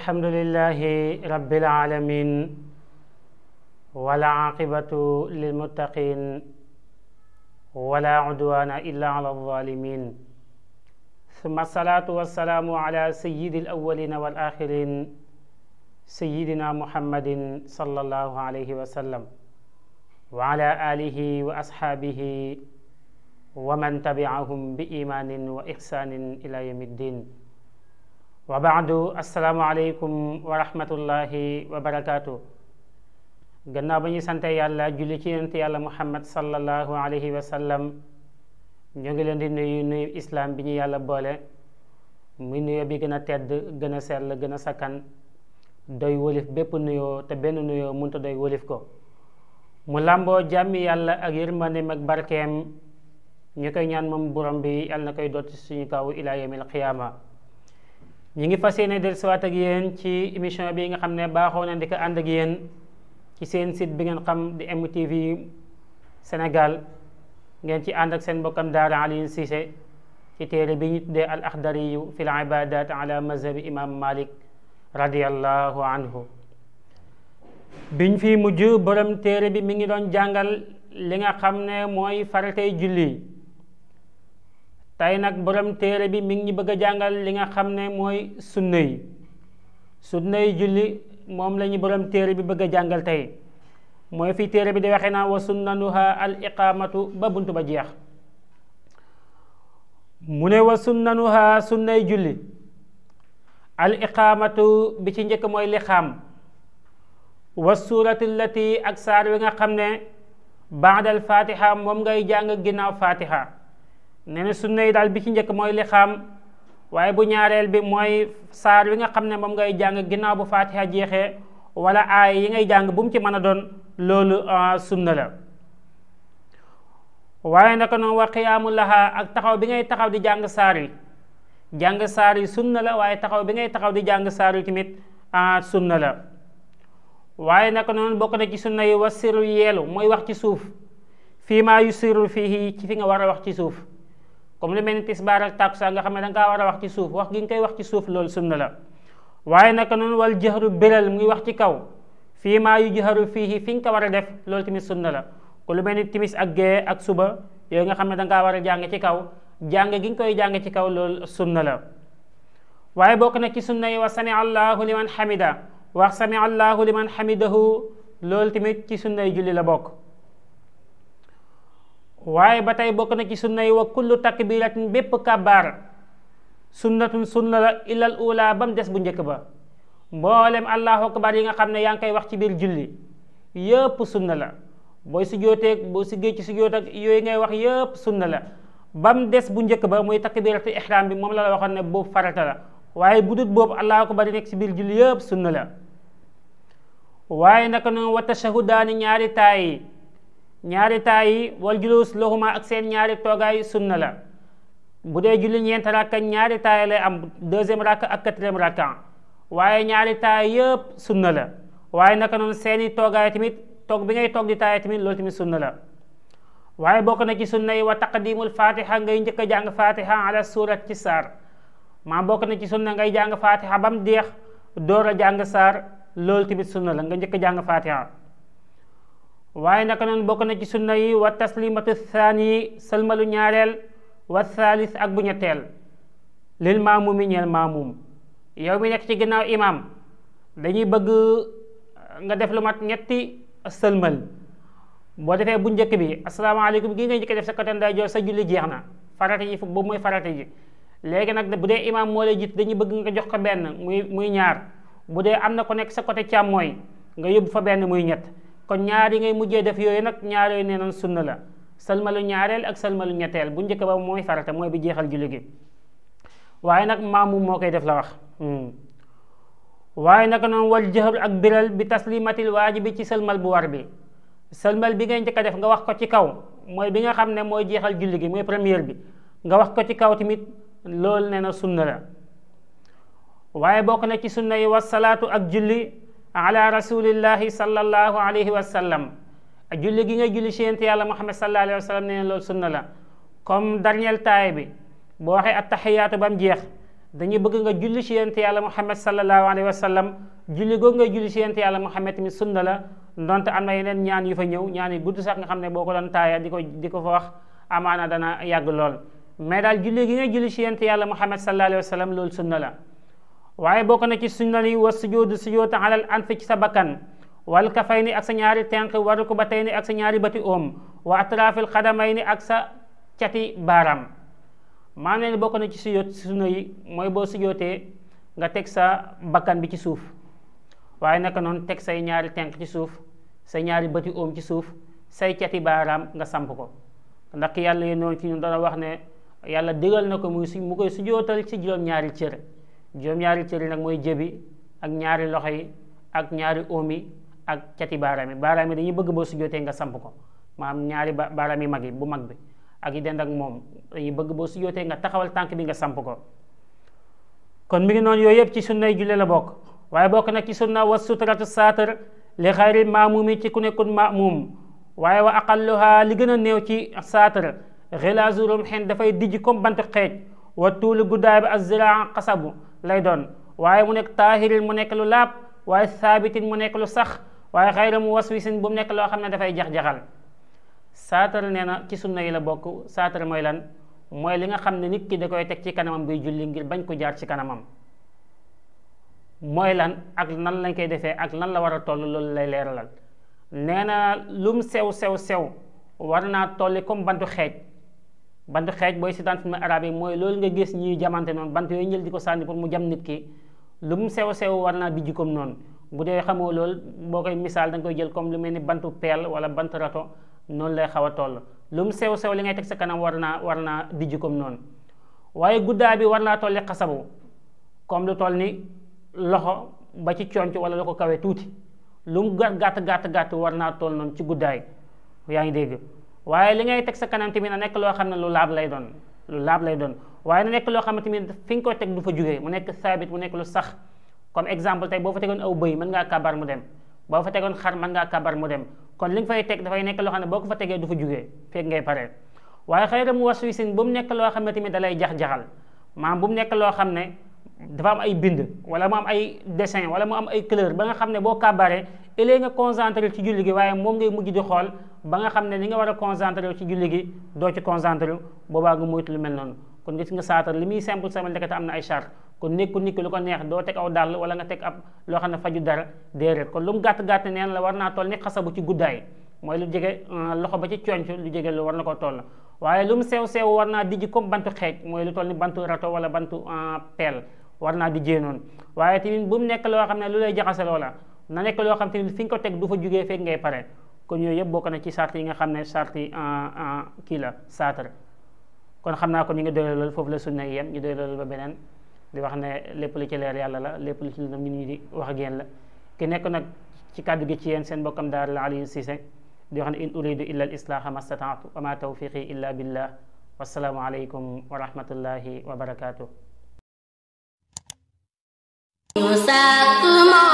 الحمد لله رب العالمين ولا عاقبة للمتقين ولا عدوان إلا على الظالمين ثم الصلاة والسلام على سيد الأولين والآخرين سيدنا محمد صلى الله عليه وسلم وعلى آله وأصحابه ومن تبعهم بإيمان وإحسان إلى يوم الدين wa baadu asalaamualeykum wa rahmatullahi wa barakaatu gannaaw ba ñuy sante yàlla julli ci yonent yàlla muhammad sallallahu alayhi wa sallam ñoo ngi leen di nuyu nuyu islaam bi ñu yàlla boole muy nuyoo bi gën a tedd gën a sell gën a sakkan doy wëlif bépp nuyoo te benn nuyoo mënta doy wëlif ko mu làmboo jàmm yàlla ak yërmandeem ak barkeem ñu koy ñaan moom borom bi yàlla na koy dotti suñu kaw ilaa yawmil qiyaama ñi ngi fas yéene dellusiwaat ak yéen ci émission bi nga xam ne baaxoo na di ko ànd ak yéen ci seen site bi ngeen xam di MTV Sénégal ngeen ci ànd ak seen mbokkam daara Alioune Cissé ci téere bi ñu dee al axdariyu fi l ibadat ala mazhabi imam malik radiallahu anhu biñ fi mujj borom téere bi mi ngi doon jàngal li nga xam ne mooy faratay julli tey nag borom téere bi mi ñu bëgg a jàngal li nga xam ne mooy sunna yi julli moom lañuy ñu téere bi bëgg a jàngal tey mooy fi téere bi di waxee naa wa sunnanuha ba jeex mu ne wa sunnanuha sunnay julli al iqamatu bi ci njëkk mooy liqaam wa suurati allati ak saar wi nga xam ne baadal fatiha moom ngay jàng ginnaaw fatiha nee na sunna yi daal bi ci njëkk mooy xam waaye bu ñaareel bi mooy saar wi nga xam ne moom ngay jàng ginnaaw bu faatiha jeexee wala aay yi ngay jàng bu mu ci mën a doon loolu euh, sunna la waaye naka noonu wa ak taxaw bi ngay taxaw di jàng saar yi jàng saar yi la waaye taxaw bi ngay taxaw di jàng saar tamit euh, sunna la waaye naka bokk na ci sunna yi wa sirru yeelu mooy wax ci suuf fii maa yu sirru fii ci fi nga war a wax ci suuf comme lu mel ni tisbaar ak takkusaan nga xam ne da nga war a wax ci suuf wax gi nga koy wax ci suuf loolu sunna la waaye naka noonu wal jëxaru béral muy wax ci kaw fii maa yu jëxaru fii fi nga ko war a def loolu tamit sunna la ku mel ni timis ak gée ak suba yooyu nga xam ne da nga war a jàng ci kaw jàng gi nga koy jàng ci kaw lool sunna la waaye bokk na ci sunna yi wax sami allahu liman hamida wax sami allahu liman hamidahu loolu tamit ci sunna yi julli la bokk waaye ba tey bokk na ci sunna yi wa kullu takbiratin bépp kabaar sunnatun sunna la ilal ula ba mu des bu njëkk ba mboolem allahu akbar yi nga xam ne yaa ngi koy wax ci biir julli yëpp sunna la booy si jooteeg boo si si joot yooyu ngay wax yëpp sunna la ba des bu njëkk ba muy takbiratu ihram bi moom la la waxoon ne boobu farata la waaye bu dut boobu allahu akbar yi nekk si biir julli yëpp sunna la waaye naka noonu wa tashahudaani ñaari taay yi ñaari taay yi wal julus lahuma ak seen ñaari toogaay sunna la bu dee julli ñeent rakka ñaari taay lay am deuxième rakka ak quatrième rakka waaye ñaari taay yëpp sunna la waaye naka noonu seeni toogaay tamit toog bi ngay toog di taay tamit loolu tamit sunna la waaye bokk na ci sunna yi wa taqdimul fatiha ngay njëkk a jàng fatiha ala surat ci saar maa bokk na ci sunna ngay jàng fatiha ba mu deex door a jàng saar loolu tamit sunna la nga njëkk a jàng fatiha waaye naka noonu bokk na ci sunna yi wa taslimatu thani sëlmalu ñaareel wa thalis ak bu ñetteel lil maamumi ñeel maamum yow mi nekk ci ginnaaw imam dañuy bëgg uh, nga def lu mat ñetti sëlmal boo defee bu njëkk bi asalaamaaleykum gi nga njëkk def sa côté ndeyjoor sa julli jeex na farata ji foofu boobu mooy farata ji léegi nag bu dee imaam moo lay jiit dañuy bëgg nga jox ko benn muy muy ñaar bu dee am na ko nekk sa côté mooy nga yóbbu fa benn muy ñett kon ñaar yi ngay mujjee def yooyu nag ñaar yooyu nee nañ sunna la salmalu ñaareel ak salmalu ñetteel bu njëkk ba mooy farata mooy bi jeexal julli gi waaye nag maamum moo koy def la wax hmm. waaye naka noonu wal jëxër ak biral bi taslimatil waajibi ci salmal bu war bi salmal bi ngay njëkk def nga wax ko ci kaw mooy bi nga xam ne mooy jeexal julli gi mooy première bi nga wax ko ci kaw tamit loolu nee na sunna la waaye bokk na ci sunna yi was salaatu ak julli ala rasulillahi sallallahu alayhi wa sallam julli gi nga julli ci yonent yàlla muhammad sallallahu alayhi wa sallam nee na loolu sunna la kom dernier taay bi boo waxee attaxiyaatu ba mu jeex dañuy bëgg nga julli ci yonent yàlla muhammad sallallahu alayhi wa sallam julli googu nga julli ci yonent yàlla muhammad mi sunna la ndonte an na yeneen ñaan yu fa ñëw ñaan yu gudd sax nga xam ne boo ko doon taaya di ko di ko fa wax amaana dana yàgg lool mais daal julli gi nga julli ci yonent yàlla muhammad sallallahu alayhi wa loolu sunna la waaye bokk na ci sunna li wa sujud sujud alal anfi ci sa bakkan wal kafay ni ak sa ñaari tenq waru ko ba tey ni ak sa ñaari bati om wa atrafil xadamay ni ak sa cati baaraam maanaam bokk na ci sujud sunna yi mooy boo sujudee nga teg sa bakkan bi ci suuf waaye naka noonu teg say ñaari tenq ci suuf sa ñaari bati om ci suuf say cati baaraam nga samp ko ndax yàlla yi noonu ci ñun dana wax ne yàlla digal na ko muy mu koy sujootal ci juróom-ñaari cër juróom-ñaari cër nag mooy jëbi ak ñaari loxo yi ak ñaari oom ak cati baaraam yi baaraam yi dañuy bëgg boo sujjootee nga samp ko maanaam ñaari baaraam yi mag yi bu mag bi ak yi dend ak moom dañuy bëgg boo sujjootee nga taxawal tànk bi nga samp ko kon mi ngi noonu yooyu yëpp ci sunnay julle la bokk waaye bokk nag ci sunna wa sutratu saatar li xayril maamumi ci ku nekkul maamum waaye wa aqalluha li gën a néew ci saatar xilaasu rumxin dafay dijj comme bant xeej wa tuuli guddaay bi lay doon waaye mu nekk taahirin mu nekk lu laab waaye saabitin mu nekk lu sax waaye xayra mu was waswisin bu mu nekk loo xam ne dafay jax-jaxal saatar nee na ci sunna yi la bokk saatar mooy lan mooy li nga xam ne nit ki da koy teg ci kanamam buy julli ngir bañ ko jaar ci kanamam mooy lan ak nan lañ koy defee ak lan la war a toll loolu lay leeralal nee na lum sew sew sew war naa tolli comme bantu xeej bant xeej booy seetaan film arabe yi mooy loolu nga gis ñuy jamante noonu bant yooyu ñël di ko sànni pour mu jam nit ki lu mu sew sew war naa bijji koom noonu bu dee xamoo loolu boo koy misaal da nga koy jël comme lu mel ni bantu peel wala bant rato noonu lay xaw a toll lu mu sew sew li ngay teg sa kanam war naa war naa dijji koom noonu waaye guddaa bi war naa tolli xasabu comme lu toll ni loxo ba ci conc wala lu ko kawee tuuti lu mu gàtt gàtt gàtt war naa toll noonu ci guddaay yaa ngi dégg waaye li ngay teg sa kanam tamit na nekk loo xam ne lu laab lay doon lu laab lay doon waaye na nekk loo xam ne tamit fi nga ko teg du fa jugee mu nekk saabit nekk lu sax comme exemple tey boo fa tegoon aw bëy mën ngaa kabar mu dem boo fa tegoon xar mën ngaa kabar mu dem kon li fay teg dafay nekk loo xam ne boo ko fa tegee du fa jugee fekk ngay pare waaye xëy na mu waswisin bu mu nekk loo xam ne tamit dalay lay jax-jaxal maam bu mu nekk loo xam ne dafa am ay bind wala mu am ay dessin wala mu am ay couleur ba nga xam ne boo kàbbaree ëllëg nga concentré ci julli gi waaye moom ngay mujj di xool ba nga xam ne li nga war a concentré ci julli gi doo ci concentré boobaa nga moytu lu mel noonu kon gis nga saatar li muy simple sama ndekete am na ay charte kon nekku nit ki lu ko neex doo teg aw dàll wala nga teg ab loo xam ne faju dara déedéet kon lu mu gàtt gàtt neen la war naa toll ni xasabu ci guddaay mooy lu jege euh, loxo ba ci conc lu jege lu war na ko toll waaye lu mu sew sew war naa dijji comme bantu xeej mooy lu toll ni bantu rato wala bantu euh, peel war naa di jee noonu waaye tamit bu mu nekk loo xam ne lu lay jaxase loola na nekk loo xam tamit fi nga ko teg du fa jugee fekk ngay pare kon yooyu yëpp bokk na ci sart yi nga xam ne sart ah, ah, kii la saatar kon xam naa ko ñu ngi doyal loolu foofu la sunna yi yem ñu doyal loolu ba beneen di wax ne lépp lu ci leer yàlla la lépp lu ci lëndëm ñun ñi di wax ak la ki nekk nag ci kàddu gi ci yéen seen bokkam daara la Alioune Cissé di wax ne in uridu illa al islaaha mastataatu wa ma tawfiqi illa billah wassalaamu aleykum wa rahmatullahi wa barakaatuh Musakmo